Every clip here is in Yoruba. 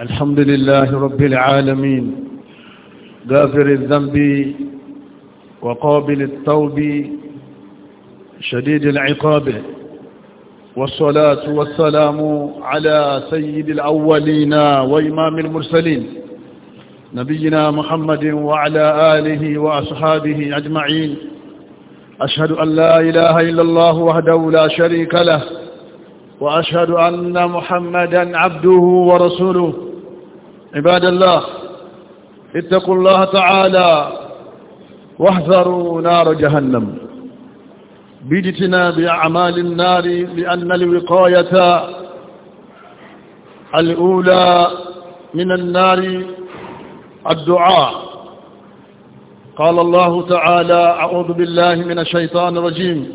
الحمد لله رب العالمين غافر الذنب وقابل التوب شديد العقاب والصلاة والسلام على سيد الأولين وإمام المرسلين نبينا محمد وعلى آله وأصحابه أجمعين أشهد أن لا إله إلا الله وحده لا شريك له وأشهد أن محمدا عبده ورسوله عباد الله اتقوا الله تعالى واحذروا نار جهنم بجتنا بأعمال النار لأن الوقاية الأولى من النار الدعاء قال الله تعالى أعوذ بالله من الشيطان الرجيم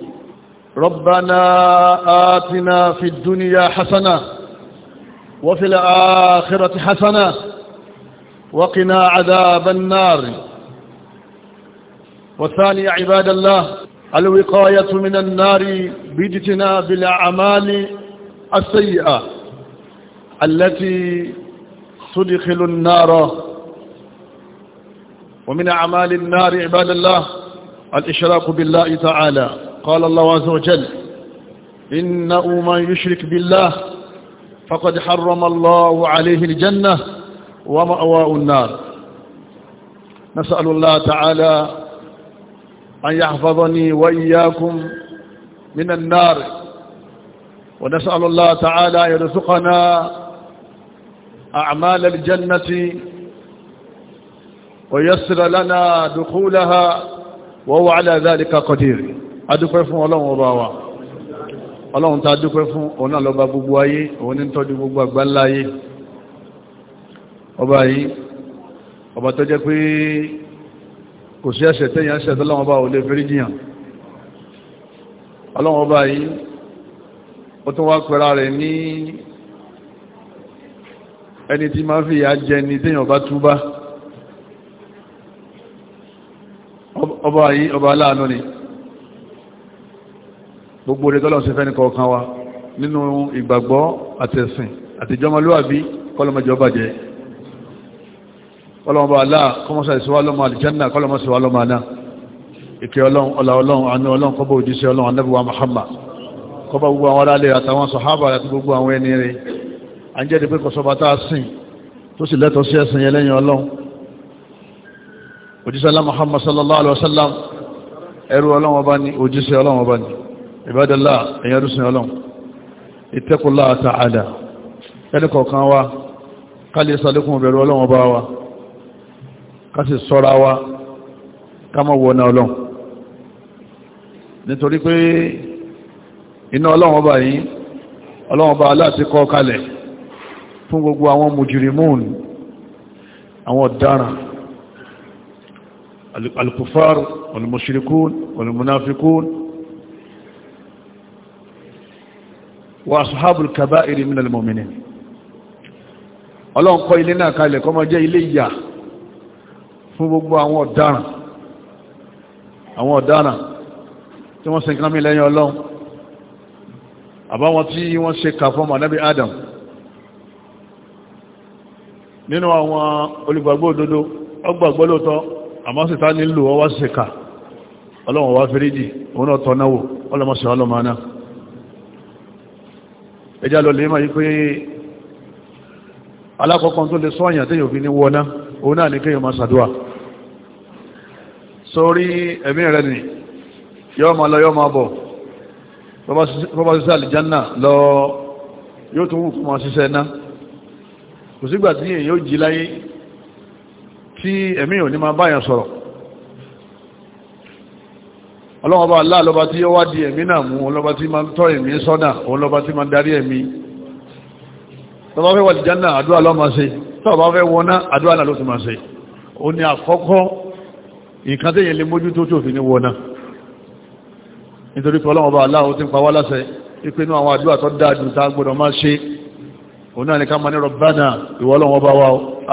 ربنا آتنا في الدنيا حسنة وفي الآخرة حسنة وقنا عذاب النار والثاني عباد الله الوقاية من النار باجتناب الأعمال السيئة التي تدخل النار ومن أعمال النار عباد الله الإشراك بالله تعالى قال الله عز وجل إنه من يشرك بالله فقد حرم الله عليه الجنة ومأواء النار نسأل الله تعالى أن يحفظني وإياكم من النار ونسأل الله تعالى يرزقنا أعمال الجنة ويسر لنا دخولها وهو على ذلك قدير أدخل فمولون وضاواه ọlọ́run ta dúpẹ́ fún òun náà lọ́ba gbogbo ayé òun ní tọ́jú gbogbo àgbáńlá ayé ọba yìí ọba tó jẹ́ pé kò sí ẹ̀ṣẹ̀ tẹ́yàn ẹ̀ṣẹ̀ tó lọ́wọ́ bá ò lè ọlọ́run ọba yìí ó tún wá pẹ̀lá rẹ̀ ní ẹni tí máa fi ìyà jẹ ni tẹ́yàn bá túbá ọba yìí ọba aláàánú ni gbogbo orí tọ́lọ̀ sí fẹ́ni kọ̀ọ̀kan wa nínú ìgbàgbọ́ àtẹ̀sìn àtìjọmọlúwàbí kọlọmọjọ bàjẹ́ kọlọmọba aláà kọmọsà ìṣòwò alọ́mọ àlìjánà kọlọmọ ìṣòwò alọ́mọ àná ìkẹ́ ọlọ́run ọlá ọlọ́run àánú ọlọ́run kọ́bọ̀ òjíṣẹ́ ọlọ́run anábíwá Muhammad kọ́bọ̀ gbogbo àwọn aráàlẹ̀ àtàwọn sọ̀hábà àti gbogbo àwọn ẹni rẹ̀ à ń jẹ́ dípé kọsọba tá a sìn Muhammad sallallahu alaihi wasallam ẹrú ọlọ́run ọba ni ìbádọ́lá ẹ̀yà rúsùn ọlọ́run ìtẹ́kùlá ta'ala ẹnìkọ̀ọ̀kan wa ká lè sàlékún ìbẹ̀rù ọlọ́run ọba wa ká sì sọ́ra wa ká mọ̀ wọ̀nà ọlọ́run nítorí pé iná ọlọ́run ọba yìí ọlọ́run ọba aláti kọ́ kalẹ̀ fún gbogbo àwọn mùjìrìmùn àwọn ọ̀daràn alkufar olùmọ̀ṣirikún olùmọ̀náfikún wa ashabul kaba'iri minal mu'minin ọlọ́run kọ́ ilé náà kalẹ̀ kọ́mọ jẹ́ ilé ìyà fún gbogbo àwọn ọ̀daràn àwọn ọ̀daràn tí wọ́n lẹ́yìn wọ́n kà Adam nínú àwọn òdodo ọgbàgbọ́ lóòótọ́ àmọ́ sì ta ọwọ́ kà wá òun ẹjá lọ lè máa yí pé alákọ̀ọ́kan tó lè sọ àyàn tẹ́yìn òfin ní wọná òun náà ní kéèyàn máa ṣàdúrà sórí ẹ̀mí rẹ̀ nì yọ́ máa lọ yọ́ máa bọ̀ bọ́bá sísẹ́ àlìjánà lọ yóò tún wù fún máa ṣiṣẹ́ ná kò sígbà tí èèyàn yóò jí láyé tí ẹ̀mí ò ní máa báyàn sọ̀rọ̀ ọlọ́wọ́ bá aláà lọ́ba tí ó wá di ẹ̀mí náà mú ọlọ́ba tí máa ń tọ́ ẹ̀mí sọ́nà ọlọ́ba tí máa ń darí ẹ̀mí tọ́ba fẹ́ wà lìjánà àdúrà lọ́mọ ṣe tọ́ba fẹ́ wọná àdúrà náà ló ti máa ṣe ó ní àkọ́kọ́ nǹkan tẹ́yẹ lè mójú tó tòfin ní wọná nítorí pé ọlọ́wọ́ bá aláà ó ti ń pa wá láṣẹ ìpinnu àwọn àdúrà tó dáa tá a gbọ́dọ̀ máa ṣe òun náà ní ká máa ní rọ̀bánà ìwọ bá wa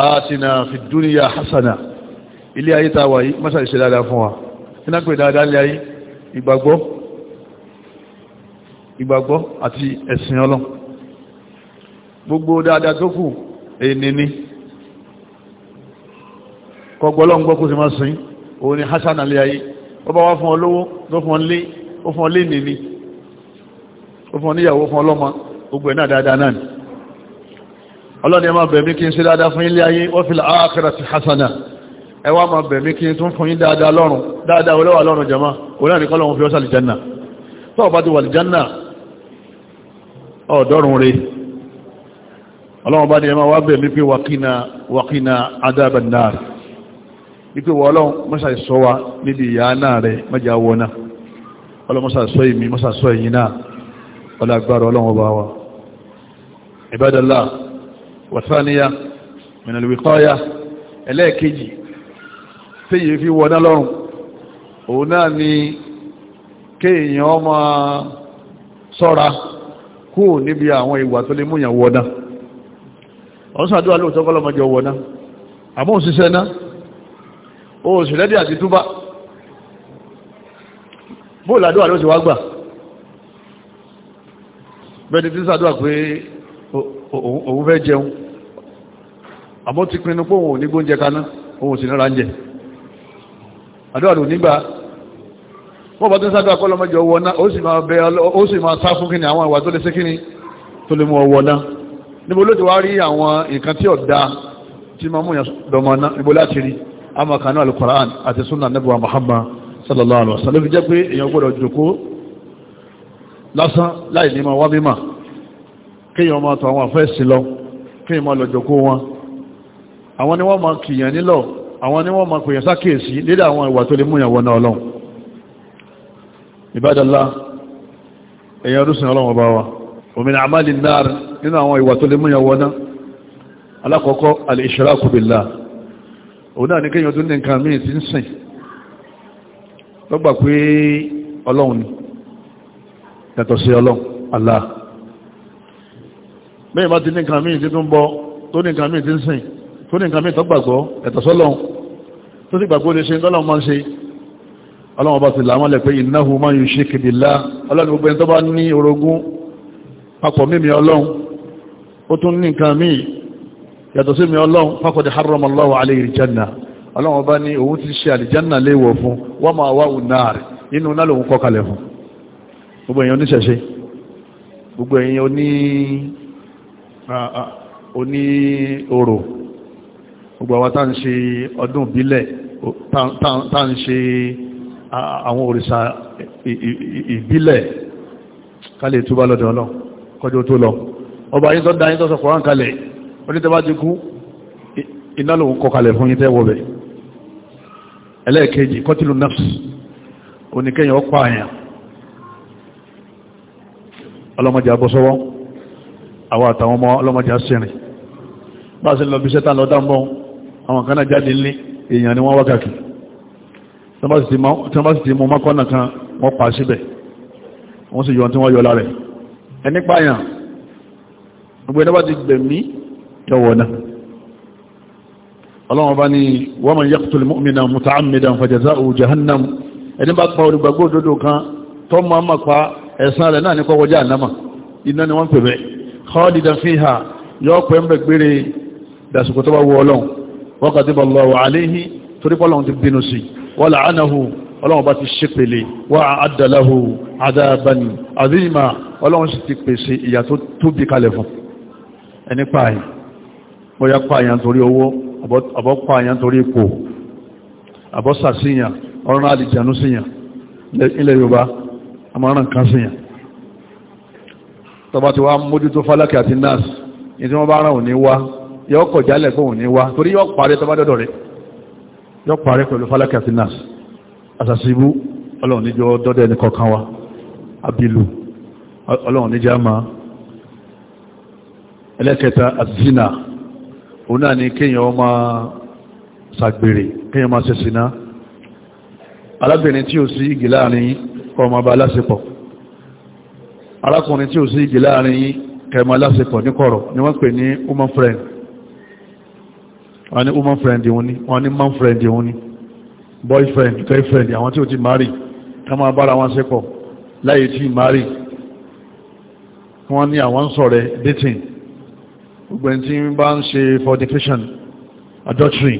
átina fi dúníyà hasana ilé ayé tá a wà yìí mọ́sàlì ṣe ìgbàgbọ́ ìgbàgbọ́ àti ẹ̀sìn ọlọ́n gbogbo dáadáa tó kù èèní ni kọgbọ́lọ́n gbọ́ kó sì máa sìn òun ni hasan alẹ́ ayé ó bá wá fún ọ lówó tó fún ọ lé ó fún ọ lé ó fún ọ fún ọlọ́mọ gbogbo ẹ̀ dáadáa náà ni ọlọ́ni ẹ máa bẹ̀ mí kí n ṣe dáadáa fún ilé ayé wa fil hasana ẹ wá máa bẹ̀mí kí n tún fún yín dáadáa lọ́rùn dáadáa olówà lọ́rùn jama onáà nìkan lọ́run fi ọ́sà lìjánà tó ọba ti wà lìjánà ọ̀dọ́rùn rẹ̀ ọlọ́run bá ní ẹmà wá bẹ̀mí pé wàkínà wàkínà adábàdà ipé wọ ọlọ́run mọ́sà sọ wa níbi ìyá náà rẹ̀ ẹlẹ́ẹ̀kejì téyè fi wọná lọ́rùn òun náà ni kéèyàn máa sọ́ra kú níbi àwọn ìwà tó lè múyàn wọná ọ̀n sàdúrà lóòtọ́ kọ́lọ́mọjọ wọná àmọ́ òṣìṣẹ́ ná oṣù lẹ́dí àti túbá bóòlù àdúrà ló ti wá gbà bẹ́ẹ̀ni tí sàdúrà pé òun fẹ́ jẹun àmọ́ ti pinnu pé òun ò ní gbóúnjẹ kaná òun sì nára ń jẹ àdúrà rò nígbà wọ́n bá tó ń sádọ́ akọ́lọ́mọ́jọ ọwọ́ náà ó sì máa sá fún kíni àwọn ìwà tó lè ṣe kíni tó lè mú ọwọ́ náà níbo ló ti wá rí àwọn nǹkan tí ọ̀dá tí ma mú ìyàndọ̀mọ̀ náà níbo láti rí amakanú al-Qur'an àti sunna nabi wa Muhammad sallallahu alaihi wasallam fi jẹ́ pé èèyàn gbọ́dọ̀ jòkó lásán láì ní ma wá mímọ̀ kéèyàn máa tọ àwọn àfẹ́ sí lọ kéèyàn máa lọ àwọn ni wọ́n ma pèyàn sákèèsí lédà àwọn ìwà tó lè mú ìyàwó náà ọlọ́run ìbádàlá èyàn rúsìn ọlọ́run ọba wa òmìnà àmàlì náà nínú àwọn ìwà tó lè mú ìyàwó náà alákọ̀ọ́kọ́ al-ishraku billah òun náà ní kéyàn tó ní nǹkan míì ti ń sìn lọ́gbà pé ọlọ́run ni tó ní nǹkan mẹ́tọ́ gbàgbọ́ ẹ̀tọ́ sọ́lọ́n tó sì gbàgbọ́ lè ṣe tọ́lọ́ máa ń ṣe ọlọ́wọ́n bá ti làmọ́lẹ̀ pé innahu man yushrik billah ọlọ́run gbogbo ẹni tó bá ní orogún papọ̀ mímí ọlọ́run ó tún ní nǹkan míì yàtọ̀ sí mi ọlọ́run faqad harrama Allahu alayhi al-janna ọlọ́run bá ní òun ti ṣe àlìjánà léèwọ̀ fún wa gbogbo èèyàn oní oní gbogbo àwọn tá ń ṣe ọdún ìbílẹ̀ tá ń ṣe àwọn òrìṣà ìbílẹ̀ kálẹ̀ túbá lọ́dọ̀ ọlọ́run kọjú tó lọ ọba yín tó dá yín tó sọ kọ̀rán kalẹ̀ onítẹ́bá ti kú iná lòun kọ kalẹ̀ fún yín bẹ̀ nafs oníkẹyìn ọpá àyàn ọlọ́mọdé abọ́sọ́wọ́ àwọn àtàwọn ọmọ ọlọ́mọdé asẹ́rìn bá a ṣe lọ bí sẹ́tà lọ́dá mọ́ àwọn kan náà jáde nílé èèyàn ni wọ́n wákàkì tí wọ́n bá sì ti mú mọ́kànnà kan wọ́n pa síbẹ̀ wọ́n sì yọ tí wọ́n yọ lára ẹ̀ ẹni pààyàn gbogbo ẹ̀dá bá ti gbẹ̀mí tọwọ́ náà ọlọ́wọ́n bá ní wa man yaqtul ma pa ni wọ́n pè bẹ́ẹ̀ khalidan fiha yọ pẹ́ ń bẹ̀ tó bá wọ ọlọ́run wa ghadiba Allahu alayhi torí pọ́lọ́run ti bínú sí wa la'anahu ọlọ́run bá ti ṣépele wa adda lahu adaban azima ọlọ́run sì ti pèsè ìyà tó tóbi kalẹ̀ fún ẹni pààyàn bóyá pààyàn torí owó àbọ́ pààyàn tọba ti wá mójútó fálákì àti nurse ní wọ́n bá rán òní wá yọ kọ̀ jálẹ̀ fóun ní wá torí yọ parẹ́ tó bá dọ́dọ̀ rẹ̀ yọ parẹ́ pẹ̀lú falaki àti nas àsàsìbú ọlọ́run níjọ dọ́dọ̀ ẹni kọ̀ọ̀kan wa abilu ọlọ́run níjọ ama ẹlẹ́kẹta azina òun náà ni kéèyàn ọmọ sàgbèrè kéèyàn máa ṣẹ̀ṣìná alábìnrin tí ó sí igi láàrin ọmọ ọba aláṣepọ̀ arákùnrin tí ó sí igi láàrin kẹmọ aláṣepọ̀ ní kọ̀rọ̀ ni wọ́n pè ní human friend wọ́n ní woman friend wọn ni wọ́n ní man friend wọn ni boyfriend girlfriend àwọn tí ó ti marry ká máa bára wọn ṣepọ̀ láyé tí marry wọ́n ní àwọn sọ̀rẹ̀ dating gbogbo ẹni tí ń bá ń ṣe fornication adultery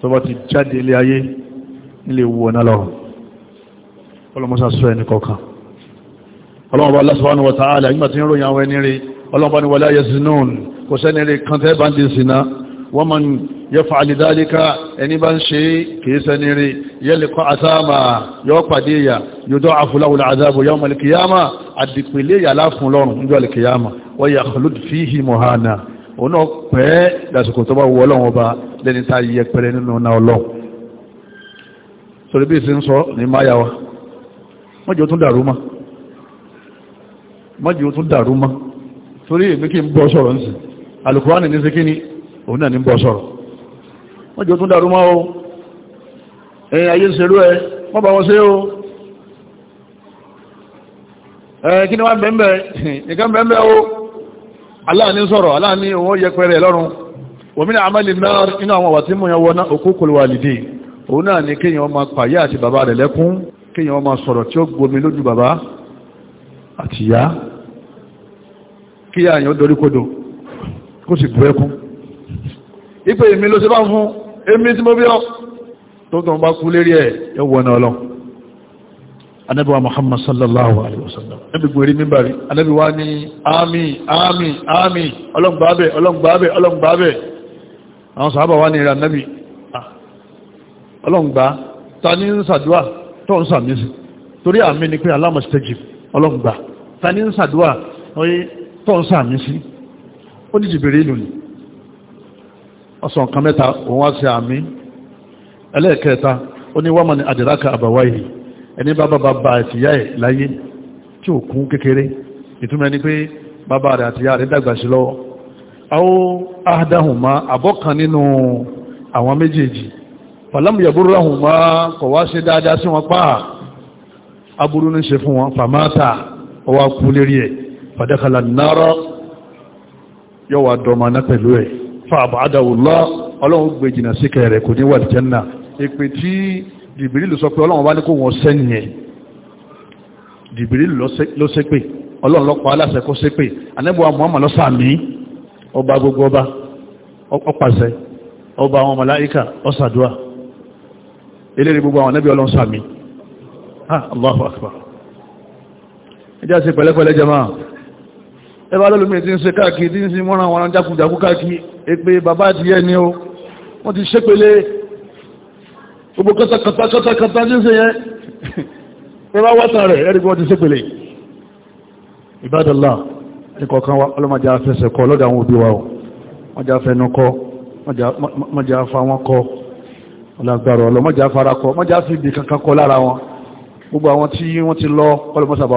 tó bá ti jáde ilé ayé nílé ewu ọ̀nà lọ ọlọ́mọsá sọ ẹni kọ̀ọ̀kan ọlọ́mọba Allah subhanahu wa ta'ala nígbà tí ń ròyìn àwọn ẹni rí ọlọ́mọba ni wala yazinun kò sẹ́ni rí kan tẹ́ bá ń di zina ومن يفعل ذلك àlìdálíkà ẹni bá ń ṣe kìí sẹni rí yẹ́lẹ̀kọ́ àsáàmà yọ́ pàdé ìyà yóò àfúláwùlà àzáàbò yọ́ mọ̀lẹ̀kìyàmà àdìpìlẹ̀ ìyà láfún lọ́rùn ní ọlẹ̀kìyàmà wọ́n yà kọlùd fíhì mọ̀hánà òun náà pẹ́ dàsìkò tó bá wù ọlọ́run ọba lẹ́ni tá yẹ pẹ́rẹ́ nínú náà ọlọ́run sọ̀rọ̀ bí ìsìn sọ ní máyà wa mọ́jọ́ tún dàrú mọ́ mọ́jọ́ tún dàrú mọ́ torí èmi kí n bọ́ sọ̀rọ̀ ń sìn alùkùránì òun náà ní bọ́ sọ̀rọ̀ wọ́n jọ tún dàrú mọ́ o ẹ̀yìn ayé ń serú ẹ wọ́n bá wọn ṣe o ẹ̀ kí ni wọ́n bẹ̀m̀bẹ̀ nìkan bẹ̀m̀bẹ̀ o Allah ni sọ̀rọ̀ Allah ni owó yẹpẹrẹ lọ́rùn òmìnà àmàlì náà inú àwọn wà tí mú yẹn wọ́n òkúkòlù wàlìdì òun náà ni kíyàn ọmọ pàyà àti bàbá rẹ̀ lẹ́kún kíyàn ọmọ sọ̀rọ̀ tí ó gbomi lójú bàbá àti ìyá kíyà yẹn ó doríkodò kó sì bú ẹkún ipe èmi ló ṣe bá fún èmi tí mo bí ọ tó tó ń bá kú lérí ẹ̀ yóò wọ náà lọ Ànábì Muhammad sallallahu alaihi wasallam ẹbí gbèrè mímbàrí Ànábì wa ní àmín àmín àmín ọlọ́gbàábẹ̀ ọlọ́gbàábẹ̀ ọlọ́gbàábẹ̀ àwọn sàábà wá ní ìrà Ànábì ah, ọlọ́gbà ta ní ń sàdúà tó ń sàmì sí torí àmì ni pé alámọ̀sítẹ́jì ọlọ́gbà ta ní ń sàdúà tó ń sàmì sí ó ní jìbìrì ìlú ni ọ̀sán kan mẹ́ta òun wá sí àmì ẹlẹ́ẹ̀kẹta ó ní wọ́n mọ̀ ní àdìrákà àbàwáyé ẹni bá bàbá bá àtìyá ẹ̀ láyé tí ò kún kékeré ìtumẹ̀ ni pé bàbá rẹ̀ àtìyá rẹ̀ dàgbà sí lọ́wọ́ àwọn ahadahùnmá àbọ̀kan nínú àwọn méjèèjì fàlámùyàbúrúhùnmá kọ̀ wá ṣe dáadáa sí wọn páà aburú ní ṣe fún wọn fàmáta ọwá kú lérí ẹ̀ fàdákàlà náírà yọ́wà dọ̀mọ̀ náà pẹ̀lú ẹ̀ fàbàdàwùlá ọlọ́run gbé jìnà sí kẹrẹ kò ní wà jẹ́nà ìpè tí dìbìrìlù sọ pé ọlọ́run bá ní kó wọ́n sẹ́yìn ẹ̀ dìbìrìlù ló sépè ọlọ́run ló pa aláṣẹ kó sépè anẹ́bùwà muhammad lọ́sàmí ọba gbogbo ọba ọpàṣẹ ọba àwọn màláíkà ọsàdúà eléré gbogbo àwọn anẹ́bí ọlọ́run sàmí ẹbá lọ́lọ́mí ti ń ṣe káàkiri tí ń sin mọ́ra wọn jákùjákù káàkiri èpè bàbá àti ẹni o wọ́n ti ṣépele gbogbo kọ́tàkọ́tàkọ́tà ní ṣe yẹn ẹbá wọ́tà rẹ̀ ẹ̀rí wọ́n ti ṣépele ìbádọ́lá ẹnìkọ̀ọ̀kan wa ọlọ́mọdé afẹsẹ̀ kọ́ lọ́dọ̀ àwọn òbí wa o mọ́jà fa wọn kọ́ ọlọ́gbàrọ̀ ọlọ́ mọ́jà fara kọ́ mọ́jà fi ibì kankan kọ́ lára wọn gbogbo àwọn tí wọ́n ti lọ ọlọ́mọ́sàbà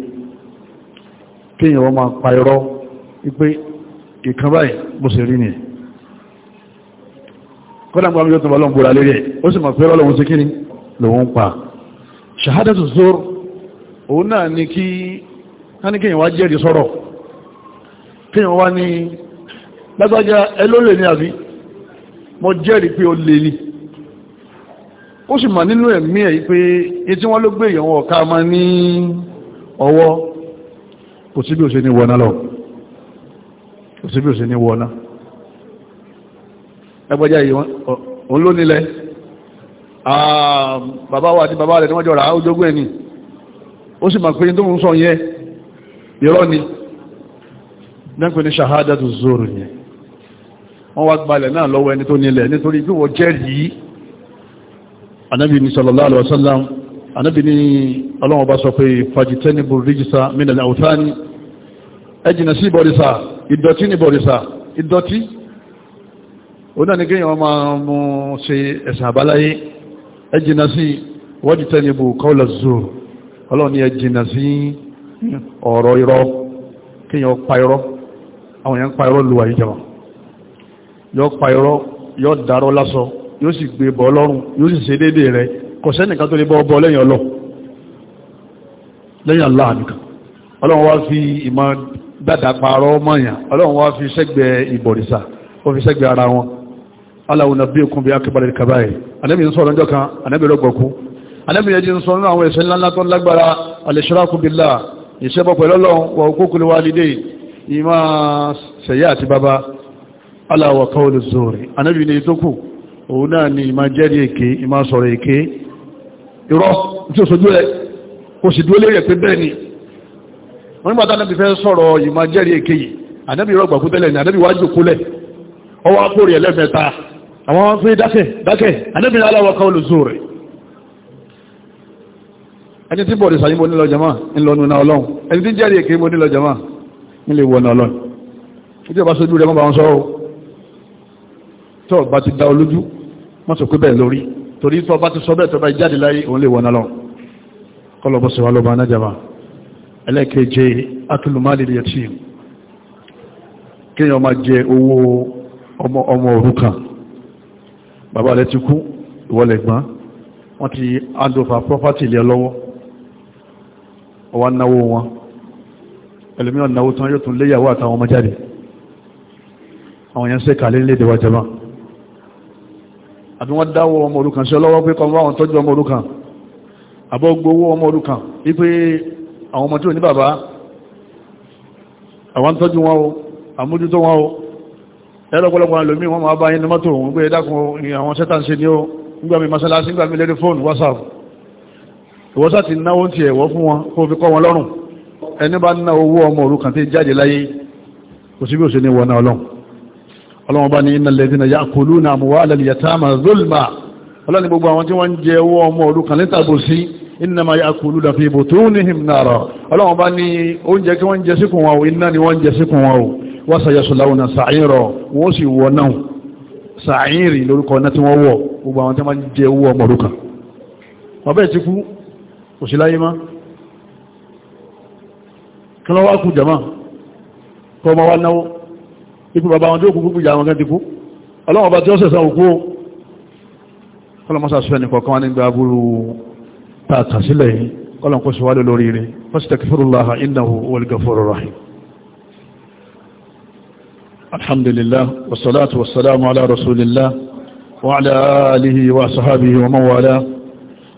kéèyàn wọ́n máa pa irọ́ wípé ìkan báyìí bó ṣe rí nìyẹn kọ́nà gbọ́n yóò tọ́bọ̀ lọ́n búra lérí ẹ̀ ó sì mọ̀ pé ọlọ́run sí kíni lòun pa ṣàhádẹ́tù sóòrò òun náà ni kí tání kíyàn wá jẹ́rìí sọ́rọ̀ kíyàn wá ní lágbájá ẹlólè ní àbí mo jẹ́rìí pé ó lè ní ó sì mà nínú ẹ̀mí ẹ̀ kò sí bí ó ṣe ní wọná lọ kò sí bí ó ṣe ní wọná ẹgbẹ́já yìí wọ́n ló nílẹ̀ bàbá wa àti bàbá rẹ̀ ni wọ́n jọ rà á ojógún ẹni ó sì máa pé tó ń sọ yẹn irọ́ ni dánkù ní ṣàhádà tó zòrò yẹn wọ́n wá gbalẹ̀ náà lọ́wọ́ ẹni tó nílẹ̀ nítorí bí wọ́n jẹ́rìí anábì ní sallallahu alaihi wasallam anábì ní ọlọ́wọ́ bá sọ pé fàjítẹ́nìbò rígísà mínàlẹ̀ àwòtáni ẹjìnà sí ìbọ̀rìsà ìdọ̀tí ní ìbọ̀rìsà ìdọ̀tí ó náà ní kí wọ́n máa mú ṣe ẹ̀sìn àbáláyé ẹjìnà sí wọ́jítẹ́nìbò kọ́ọ̀lá zoro ọlọ́ni ẹjìnà sí ọ̀rọ̀ irọ́ kí yọ pa irọ́ àwọn yẹn pa irọ́ yóò sì gbé bọ́ lọ́rùn yóò sì ṣe déédéé rẹ̀ kò sẹ́nìkan tó lè bọ́ ọbọ̀ lẹ́yìn ọlọ́ lẹ́yìn aláàdùkà ọlọ́run wá fi ìmọ̀ dáadáa parọ́ mọ̀yàn ọlọ́run wá fi sẹ́gbẹ̀ ìbọ̀rìṣà ó fi sẹ́gbẹ̀ ara wọn aláwọ̀ nàbí okùn bí akẹ́bàlẹ̀ kàbáyé anẹ́bì ń sọ̀rọ̀ ọjọ́ kan anẹ́bì rọgbọ̀kú anẹ́bì yẹn jí ń sọ nínú àwọn ẹ̀ṣẹ̀ ńláńlá tó ni ìmá jẹ́rìí èké ìmá sọ̀rọ̀ èké irọ́ tí ó sojú ẹ kò sì dúró lérí ẹ̀ pé bẹ́ẹ̀ ni wọ́n nígbà tánàbí fẹ́ sọ̀rọ̀ ìmọ̀ jẹ́rìí èké yìí ànábì rọ̀gbà kú tẹ́lẹ̀ ni ànábì wájú kúlẹ̀ ọwọ́ akórí ẹlẹ́mẹ̀ta àwọn wọn fi dákẹ́ dákẹ́ ànábì aláwọ̀ kan olùsọ rẹ̀ ẹni tí bọ̀dẹ̀ sàyí mo nílọ jama ńlọnu náà bá ti da olójú mọ́sọ̀ pé bẹ́ẹ̀ lórí torí tó bá ti sọ bẹ́ẹ̀ tó bá jáde láyé òun lè wọ̀n náà lọ kọlọ̀bọ̀ sí wà ló bá nájàmá ẹlẹ́kẹ̀ẹ́jẹ́ akílùmáàlì yẹtí kíyàn máa jẹ owó ọmọ òrukàn bàbá rẹ̀ property lẹ́ lọ́wọ́ ọwá náwó wọn ẹlòmíràn náwó tán yóò tún léyàwó àtàwọn ọmọ jáde àwọn yẹn ń sẹ́kà lé lédè àbí wọ́n dáwọ́ ọmọ òrukàn sí ọlọ́wọ́ pé kọmọ àwọn tọ́jú ọmọ òrukàn àbọ́gbówó ọmọ òrukàn wípé àwọn ọmọ tí ò ní bàbá àwọn tọ́jú wọn o àmójútó wọn o ẹlọ́pọ̀lọpọ̀ alòmí wọn máa bá inú mọ́tò òun pé dákun àwọn sẹ́tàn ṣe ní ó nígbàmí masalasi nígbàmí lẹ́rí fóònù whatsapp ìwọ́sá ti náwó ti ẹ̀wọ́ fún wọn kó fi kọ́ wọn lọ́rùn ẹni bá ná owó ọmọ òrukàn tí jáde láyé kò sí bí ò sí ní wọná ọlọ́run ọlọ́wọ́n bá ní innal ladhina ya'kuluna amwalal yatama zulma ọlọ́ni gbogbo àwọn tí wọ́n ń jẹ owó ọmọ òrukàn nítàbòsí innama ya'kuluna fi butunihim nara ọlọ́wọ́n bá ní oúnjẹ kí wọ́n jẹ síkùn wọn o iná ni wọ́n jẹ síkùn wọn náà sàáyìnrì lórúkọ ọ̀nà tí wọ́n wọ̀ gbogbo àwọn tí wọ́n jẹ owó ọmọ òrukàn wọ́n bẹ́ẹ̀ ti kú kò sí láyé má kí wọ́n wá kú jama kọ́ ọmọ wa náwó ikú bàbá wọn tí ó kú púpù ìyá wọn kẹ́ ti kú ọlọ́wọ́n bá tí ó sẹ̀sán òkú kọlọmọ́sà sọ ẹnì kọ̀ọ̀kan wá nígbà aburú tààtà sílẹ̀ yìí kọlọ̀n kó sì wá lórí rẹ̀ fastaghfirullaha innahu huwal ghafurur rahim alhamdulillah wassalatu wassalamu ala rasulillah wa ala alihi wa sahabihi wa man wala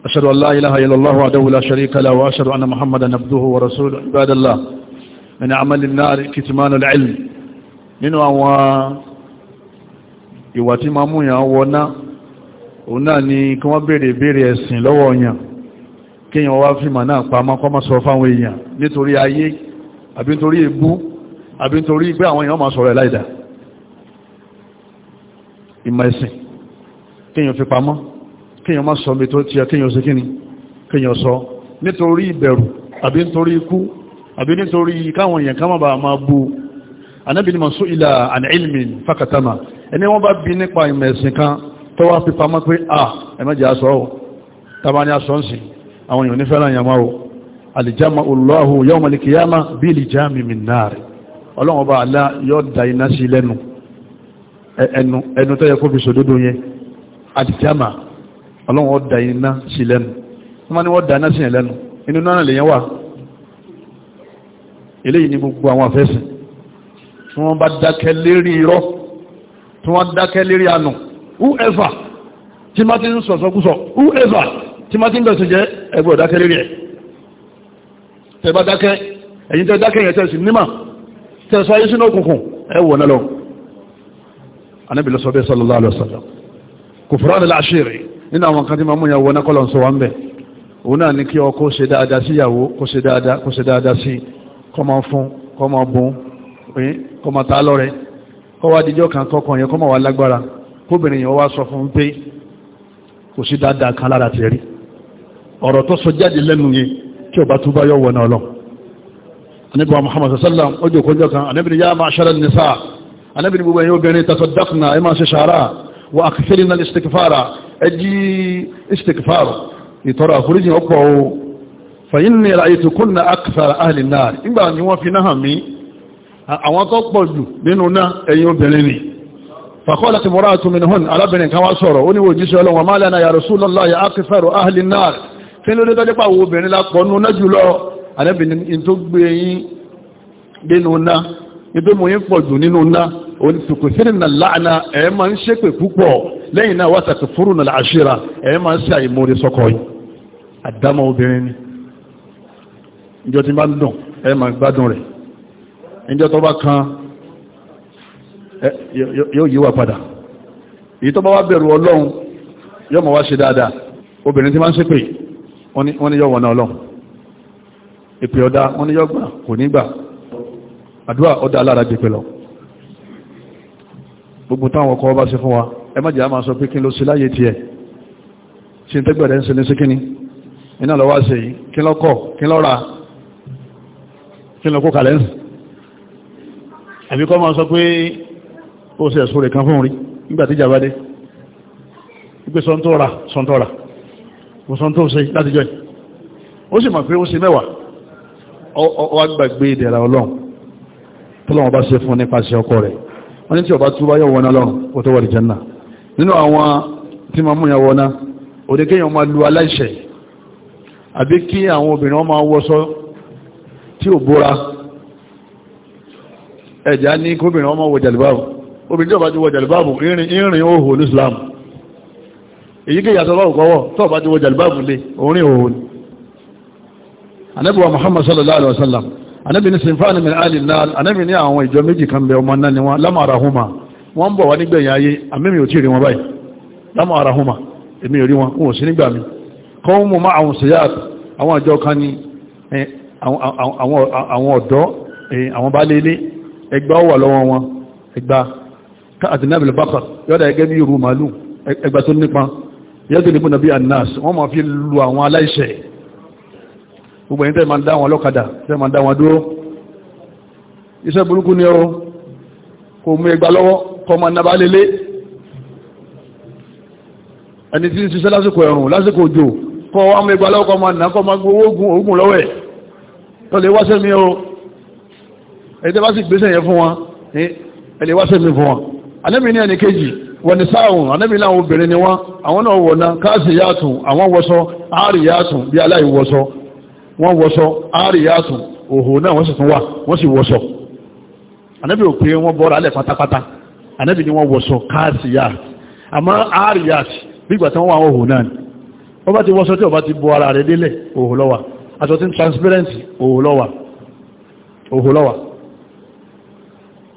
ashhadu an la ilaha illallah wahdahu la sharika lahu wa ashhadu anna muhammadan abduhu wa rasuluhu ibadallah min amali an-nar kitmanul ilm nínú àwọn ìwà tí máa múyàn wọná òun náà ni kí wọ́n béèrè béèrè ẹ̀sìn lọ́wọ́ ọ̀yàn kíyàn wá fíìmà náà pa mọ́kọ́ máa sọ fáwọn èèyàn nítorí ayé àbí nítorí ebú àbí nítorí pé àwọn èèyàn máa sọ̀rọ̀ ẹ̀ láìdá ìmọ̀ ẹ̀sìn kíyàn fi pamọ́ kíyàn má sọ mi tó ti kíyàn sí kíni kíyàn sọ nítorí ìbẹ̀rù àbí nítorí ikú àbí nítorí káwọn èèyàn ká má bàa máa bú anábì ni mọ̀sún ilà àní ilmi fakatama ẹni wọ́n bá bí nípa ìmọ̀ ẹ̀sìn kan tó wá pípa mọ́ pé à ẹ̀mẹ́jẹ̀ aṣọ ọ̀ tàbá ní aṣọ ń sìn àwọn èèyàn nífẹ́ràn yàmá o alìjáma olóhù yọ́mọ̀ lè kìyàmá bí ìlìjámi mìnàrí ọlọ́wọ́n bá alá yọ́ da iná sí lẹ́nu ẹnu tó ni gbogbo àwọn àfẹ́sìn tí wọ́n bá dákẹ́ lérí irọ́ tí wọ́n dákẹ́ lérí ànù whoever tí má ti ń sọ̀sọ́kúsọ̀ whoever tí má ti ń bẹ̀sùn jẹ́ ẹgbẹ́ ọ̀dákẹ́ lérí ẹ̀ tẹ́ bá dákẹ́ ẹ̀yin tẹ́ dákẹ́ yẹn tẹ́sì nímà tẹ́sọ ayé sínú òkùnkùn ẹwọ̀ náà lọ Ànábì ló sọ bẹ́ẹ̀ sallallahu alaihi wasallam kufran al-ashiri nínú àwọn kan tí ma mú ìyàwó náà kọ́lọ̀ ń sọ wá ń bẹ̀ òun náà ní kí ọkọ ṣe dáadáa sí ìyàwó kó ṣe dáadáa kó ṣe dáadáa sí kọ́ fún kọ́ bún pé kó máa ta lọ́rẹ kó wá díjọ́ kan kọkàn yẹn kó máa wá lágbára kóbìnrin yẹn wá sọ fún pé kò sí dáadáa kan lára tiẹ̀ rí ọ̀rọ̀ tó sọ jáde lẹ́nu yẹn tí ọba tó bá yọ wọ̀ náà lọ anabi muhammad sallam ó jẹ́ òkójọ́ kan anabi ni yáa máa ṣẹlẹ̀ nìsa anabi ni gbogbo ẹ̀yin obìnrin tasaddaqna ẹ máa ṣe ṣàrà wa akthirna istikfara ẹ jí istikfara ìtọrọ àforíjì ọ̀pọ̀ o fa inni ra'aytukunna akthara ahli an-nar nígbà ni wọ́n fi náà mí àwọn tó pọ̀ jù nínú náà ẹ̀yin obìnrin ni fàkọ́lá ti mọ́ra àtúnmìn hàn alábìnrin kan wá sọ̀rọ̀ ó ní òjíṣẹ́ ọlọ́wọ̀n máa lẹ́nà ya Rasulullah ya akẹfẹ́rọ ahìlì náà tí ló dé tọ́jọ́pá wo obìnrin lápọ̀ nú náà jùlọ alábìnrin tó gbé yín nínú náà ibi mo yín pọ̀ jù nínú náà onífìkùsírin na láàna ẹ̀ máa ń ṣépè púpọ̀ lẹ́yìn náà wàtàkì fúrù nà àṣírà ẹ̀ máa ń ṣe àìmórí sọ́kọ yìí àdámọ́ obìnrin ni ìjọ ti máa ń dùn ẹ̀ máa gbádùn rẹ̀ ìjọ tó bá kan yóò yíwà padà èyí tó bá wá bẹ̀rù ọlọ́run yóò mọ̀ wá ṣe dáadáa obìnrin tí máa ń ṣépè wọ́n ni yóò wọ̀nà ọlọ́run ìpè ọ̀dá wọ́n ni yóò gbà kò ní àdúrà ọ̀dá alára jẹ́ pẹ̀lọ gbogbo táwọn ọkọ̀ ọba ṣe fún wa ẹ má jẹ́ a máa sọ pé kí ló sí láyé tiẹ̀ sí ń tẹ́gbẹ̀rẹ̀ ń ṣe ní síkíní iná lọ wá ṣe yìí kí lọ́kọ̀ kí lọ́ra kí lọ́kọ̀ kàlẹ́ǹsì àbí kọ́ máa sọ pé ó sì ẹ̀sùn rẹ̀ kan fún rí nígbàtí jàbádé wípé sọ́ntọ́ra sọ́ntọ́ra mo sọ́ntọ́ ṣe láti jọ ó sì mọ̀ pé ó sì mẹ́wàá ọwá gbàgbé ìdẹ̀ra ọlọ́run tọ́lọ́run bá ṣe fún nípasẹ̀ ọkọ rẹ̀ wọ́n ní tí ọba túbá yọ̀ wọná lọ́run ó tó wà ní jẹ́nà ò bóra ẹ̀já ní kóbìnrin ọmọ wọ jàlìbáàbù obìnrin tí ó bá ti wọ jàlìbáàbù ìrìn ìrìn òhò ní Islam èyí kí ìyàtọ̀ bá òkọwọ́ tó bá ti wọ jàlìbáàbù lè orin òhò ni anábíwa Muhammad sallallahu alaihi wasallam anábí ní sinfani min alina anábí ní àwọn ìjọ méjì kan bẹ ọmọ náà ni wọn lámàrà huma wọn ń bọ̀ wá nígbẹ̀yìn ayé àmìmì ò tí rí wọn báyìí lámàrà huma èmi ò rí wọn wọn ò sí nígbà mi kọ́ mú ma àwọn sèyá àwọn àjọ kan ni eh, àwọn ọ̀dọ́ eh, àwọn bá lé ilé ẹgbà wà lọ́wọ́ wọn ẹgbà káàdínábìlì bákà yọ́dá ẹgẹ́ bí irú màálù ẹgbà tó nípa yẹ́dù nípa nàbí anas wọ́n máa fi lu àwọn aláìṣẹ̀ gbogbo ẹ̀yìn tẹ́ máa dá wọn lọ́kadà tẹ́ máa dá wọn dúró iṣẹ́ burúkú ni ọ kò mú ẹgbà lọ́wọ́ kọ́ máa nàbà lélẹ̀ ẹni tí ń ṣiṣẹ́ lásìkò ẹ̀rùn lásìkò òjò kọ́ wa mú ẹgbà lọ́wọ́ kọ́ máa nà kọ́ máa gbowó ogun lọ́wọ́ ẹ̀ tọ́lẹ̀ wáṣẹ́ mi o ẹ̀dẹ́ bá sì gbèsè yẹn fún wọn ẹ̀lẹ́ wá sẹ́mi fún wọn anẹ́bí ní ẹni kejì wọ́n ni sáàrùn anẹ́bí láwọn obìnrin ni wọ́n àwọn náà wọ̀ náà káàsì yàtùn àwọn wọ́sọ àárì yàtùn bí aláìwọ́sọ wọ́n wọ́sọ àárì yàtùn òhò náà wọ́n sì tún wà wọ́n sì wọ́sọ anẹ́bí ò pé wọ́n bọ́ra alẹ́ pátápátá anẹ́bí ni wọ́n wọ́sọ káàsì yàt àmọ́ àárì yàt bígbà tí wọ́n wà òhò náà wọ́n bá ti transparency òhò lọ́wà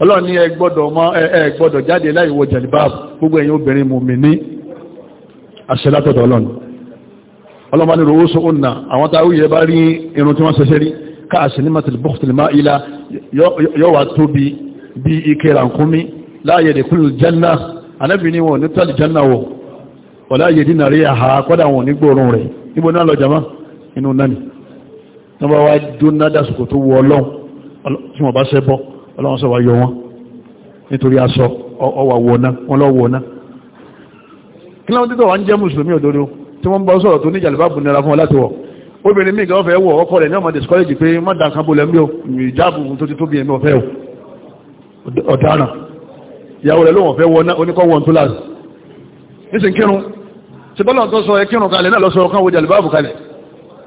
ọlọ́run ní ẹ gbọ́dọ̀ mọ́ ẹ gbọ́dọ̀ jáde láì wọ jẹ̀lìbáàbù gbogbo ẹ̀yin obìnrin mùmínì àṣẹ látọ̀dọ̀ ọlọ́run ọlọ́run bá ní rówó sọ òun náà àwọn tá a wúyẹ bá rí irun tí wọ́n ṣẹṣẹ́ rí káàṣì ní mọ́tìlì bọ́ọ̀tìlì àhà kọ́dà wọn ní gbòòrùn rẹ̀ níbo náà lọ jama inú náà ni wọ́n bá wá dúnádàsùkò tó wọ ọlọ́run tí wọ́n bá ṣẹ́ bọ́ ọlọ́run sọ wá yọ wọn nítorí aṣọ ọwà wọ̀ná wọn lọ wọ̀ná kí láwọn títọ̀ wá ń jẹ́ mùsùlùmí òdodo tí wọ́n ń bọ́ sọ̀rọ̀ tó ní ìjàlùbá bù nira fún ọ láti wọ̀ obìnrin míì kan fẹ́ wọ̀ ọkọ rẹ̀ ní ọmọ discourage pé má dàn kan bolẹ̀ mí o ìjáàbù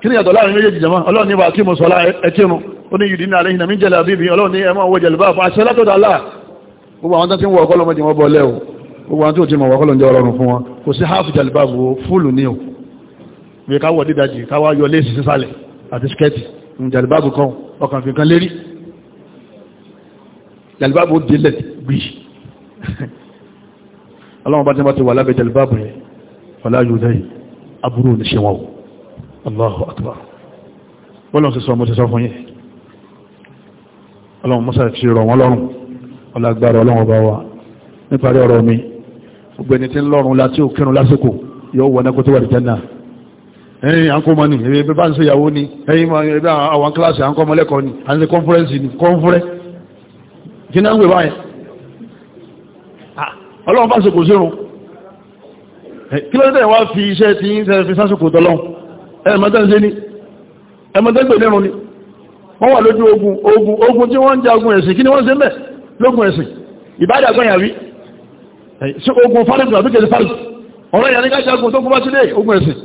tó ni yàtọ̀ láàrín méjèèjì jama ọlọ́run ní ó ní yìí ní alẹ́ ìnàmí jẹ́lẹ̀ àbíbí ọlọ́run ní ẹmọ́ owó jẹ̀lẹ̀ bá fún aṣẹ́ látọ̀dọ̀ Allah gbogbo àwọn tó ti ń wọ ọkọ́lọ́ mọ́jì wọ́n bọ́ lẹ́ o gbogbo àwọn tó ti mọ̀ wọ́kọ́lọ́ ń jẹ́ ọlọ́run fún wọn kò sí half jẹ̀lẹ̀ bá wo fúlù ní o bí ká wọ dídajì ká wá yọ léèsì sísàlẹ̀ àti skẹ́ẹ̀tì jẹ̀lẹ̀ bá kan ọkàn sí sọ mo ti sọ fún yẹn ọlọ́run mọ́sá ti rọ̀ wọ́n lọ́rùn ọlágbára ọlọ́run ọba wa níparí ọ̀rọ̀ mi gbogbo ẹni tí ń lọ́rùn láti òkèrún lásìkò yóò wọ ẹnẹ́kó tó wà dìtẹ́nà ẹ̀yìn àǹkómọ ni ẹ̀yìn bá ń ṣe ìyàwó ni ẹ̀yìn àwọn kíláàsì àǹkómọ lẹ́kọ̀ọ́ ni à ń ṣe kọ́nfúrẹ́nsì ni kọ́nfúrẹ́ kí náà ń wè báyẹn ah, ọlọ́run bá ṣokò sírun kí ló dé wá fi iṣẹ́ tí ń fi sásìkò tọ́lọ́run ẹ̀ẹ̀mọ́tẹ́ ń ṣe ni ẹ̀ẹ̀mọ́tẹ́ gbè nírun ni wọ́n wà lójú ogun ogun ogun tí wọ́n ń jagun ẹ̀sìn kí ni wọ́n ṣe mẹ́ lógun ẹ̀sìn ìbádà gbọ́nyà rí ogun fárẹ́sì àbí kẹsì fárẹ́sì ọ̀rọ̀ ìyàní ká jagun tó gúnbá sílé ogun ẹ̀sìn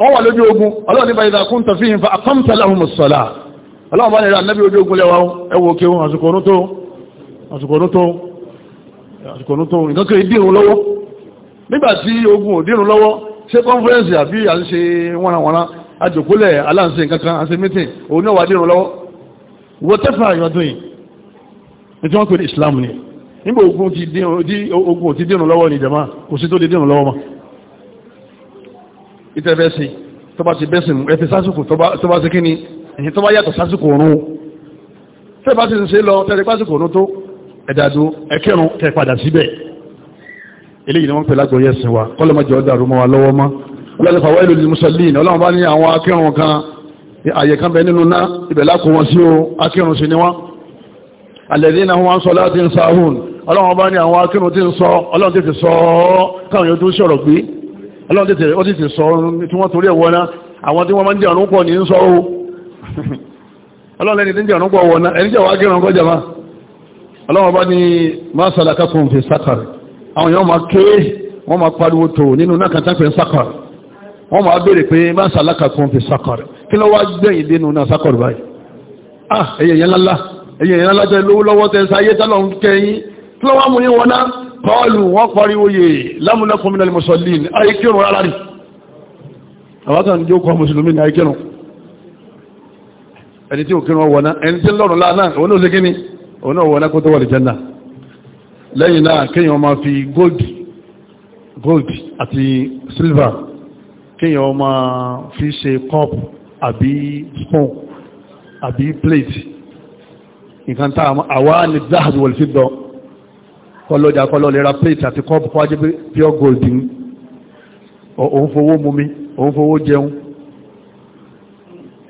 wọ́n wà ogun ọlọ́run nípa ìdá kún tàfí ìfà àkọ́mtà láhùn mùsọ̀lá ọlọ́run bá ogun lẹ́wà ẹwọ òkè ohun àsìkòrún tó àsìkòrún tó nǹkan kiri ogun ò dírun lọ́wọ́ ṣe kọ́nfẹ́rẹ́nsì àbí à ń ṣe àjòkúlẹ̀ aláǹsẹ̀ kankan àti mítìn òun náà wà dírun lọ́wọ́ wọ́n tẹ́fà àyọ̀dún yìí ní tí wọ́n pè ní Islam ni nígbà ogun ti dírun lọ́wọ́ ní jama kò sí tó lè dírun lọ́wọ́ ma ìtẹ́fẹ́ sí tó bá ti bẹ́sìn ẹ̀fẹ́ sásìkò tó bá sí kíni ẹ̀yìn tó bá yàtọ̀ sásìkò òun tẹ́ bá ti ń ṣe lọ tẹ́lẹ̀ pásìkò òun tó ẹ̀dàdó ẹ̀kẹ́rùn tẹ́ padà síbẹ̀ eléyìí ni wọ́n pè lágbóyẹ̀sìn wa kọ́lọ́mọ́jọ́ dàrú mọ́ wa lọ́wọ́ mọ́ ọlọ́ni fàwọ́ìlú ní musallin ọlọ́run bá ní àwọn akẹ́rùn kan àyè kan bẹ nínú ná ibẹ̀ lákò wọn sí o akẹ́rùn sí ni wọ́n alladhina hum an salatin sahun ọlọ́run bá ní àwọn akẹ́rùn tí ń sọ ọlọ́run tètè sọ káwọn yóò tún sọ̀rọ̀ gbé ọlọ́run tètè ó tètè sọ tí wọ́n torí ẹ̀wọ́ ná àwọn tí wọ́n máa ń jẹ́ ọ̀run pọ̀ ní ń sọ o ọlọ́run ẹni tí ń jẹ́ ọ̀run pọ̀ wọ̀ ná ẹni jẹ́ wọ́n wọ́n máa béèrè pé máa ń sàlákà kan fi sákọ̀rẹ̀ kí ló wá gbẹ̀yìn dénú náà sákọ̀rẹ̀ báyìí ah èyí èyàn lálá èyí èyàn lálá tẹ lówó lọ́wọ́ tẹ sáyé tálọ̀ ń kẹyìn kí ló wá mú yín wọná kọlù wọ́n pariwo yè lámúnákùn minal musallin ayé kírun rárá rí àwọn kan jó kọ mùsùlùmí ní ayé kírun ẹni tí ò gold gold àti silver kíyàn máa fi ṣe cup àbí spoon àbí plate nǹkan tá àwa ní dáàbò wọ̀lẹ̀ sí dọ̀ kọlọ́jà kọlọ́ lè ra plate àti cup kọ́ ajé pure gold ní òun fowó mumi òun fowó jẹun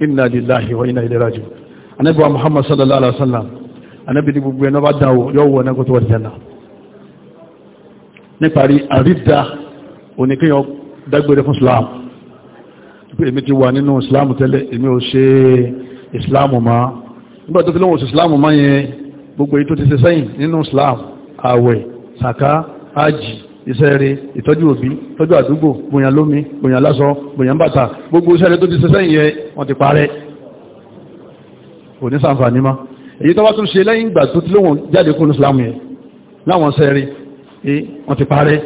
inna lillahi wa inna ilaihi raji'un ànábì muhammad sallallahu alaihi wasallam ànábì ní gbogbo ẹ̀nà bá dáwò yóò wọ ẹ̀nà kó tó wà dágbére fún islam èmi ti wà nínú islam tẹ́lẹ̀ èmi ò ṣe islam ma nígbà tó fi lóhùn islam ma yẹn gbogbo èyí tó ti ṣe sẹ́yìn nínú islam ààwẹ̀ Saka, ájì iṣẹ́ rẹ̀ ìtọ́jú òbí tọ́jú àdúgbò bòyàn lómi bòyàn lásọ bòyàn bàtà gbogbo iṣẹ́ rẹ̀ tó ti ṣe sẹ́yìn yẹn wọ́n ti parẹ́ kò sàǹfààní ma èyí tó wá tún ṣe lẹ́yìn ìgbà tó ti lóhùn jáde kún islam yẹn láwọn sẹ́ẹ̀rẹ̀ eh, wọ́n ti parẹ́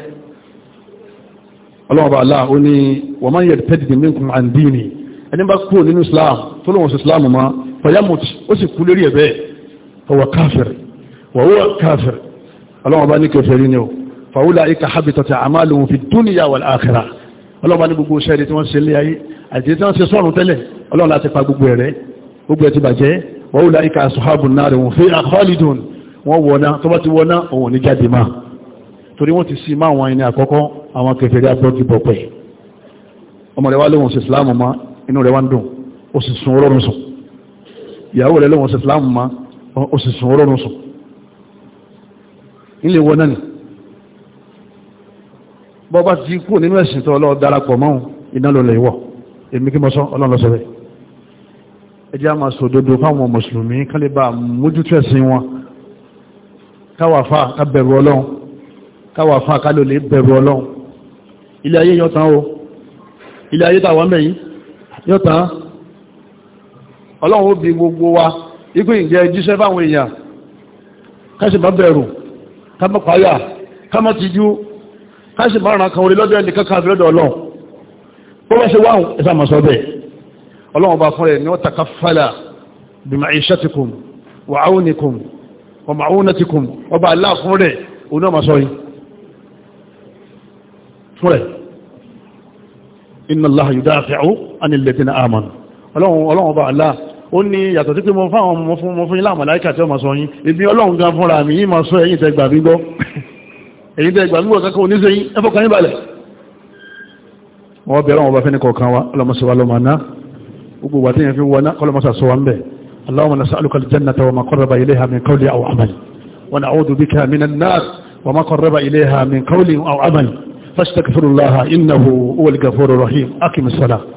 ọlọ́wọ́ba aláà ó ní wọ́n máa ń yẹ̀dẹ̀ tẹ́dìdì minkum an dini ẹni bá kúrò nínú islam tó lọ́wọ́ sí islam ma fayamut ó sì kú lérí ẹ̀bẹ́ ọwọ́ káfir wọ́wọ́ káfir ọlọ́wọ́ba ní kẹfẹ́rí ni ó fàwúlà ika habitat a'maluhum fi dunya wal akhirah ọlọ́wọ́ba ní gbogbo sẹ́ẹ̀dì tí wọ́n ṣe lé ayé àti tí wọ́n ṣe sọ́run tẹ́lẹ̀ ọlọ́wọ́ láti torí wọ́n ti sí máa wọn ẹni àkọ́kọ́ àwọn kẹfẹ̀rẹ́ agbọ́gbọ̀pẹ̀ ọmọ rẹ̀ wá lóhun sí islamu ma inú rẹ̀ wá ń dùn ó sì sun orórun sùn ìyàwó rẹ̀ lóhun sí islamu ma ó sì sun orórun sùn ilé wọ náà ni bọ́ bá ti kú nínú ẹ̀sìn tó lọ darapọ̀ mọ́ iná ló lè wọ̀ èmi kí mo sọ ọlọ́run lọ́sọ̀rẹ́ ẹ jẹ́ a máa sòdodo fáwọn mùsùlùmí káwàfà kábẹ̀rù ọlọ́run káwà fún akálò lè bẹ̀rù ọlọ́run ilé ayé yọ́tán o ilé ayé tàwọn mẹ́yìn yọ́tán ọlọ́run ó bi gbogbo wa igun ìjẹ́ jíṣẹ́ fáwọn èèyàn káṣì má bẹ̀rù kámọ́ pààyà kámọ́ ti jú káṣì má ràn kan orí lọ́dọ̀ ẹni kankan àfi lọ́dọ̀ ọlọ́run ó wá ṣe wáhùn ẹ̀sà mọ̀ sọ ọlọ́run bá fún rẹ̀ ni wọ́n takafala bima'ishatikum wa'awnikum wa ma'unatikum ọba aláàfún rẹ̀ onámasọ́yìn fún rẹ̀ inna Allah yudafi'u anil ladina amanu ọlọ́run ọlọ́run bá aláà ó ní yàtọ̀ tí pé mo fáwọn mo fún mo fún ilá àmàláìkà tí ó ma sọ yín ibi ọlọ́run gan fúnra mi yí ma sọ ẹ̀yin tẹgbà mi gbọ́ ẹ̀yin tẹgbà mi gbọ́ kẹ́kọ́ wọ́n bẹ̀rẹ̀ wọn bá fẹ́ ní kọ̀ọ̀kan wa ọlọ́mọsọ̀wá lọ́mọ gbogbo wà tí yẹn fi wọná kọlọmọsọ̀ ń bẹ̀ اللهم نسألك الجنة وما قرب إليها من قول أو عمل ونعوذ بك من النار وما إليها من قول أو عمل فاستغفروا الله إنه هو الغفور الرحيم أكم الصلاة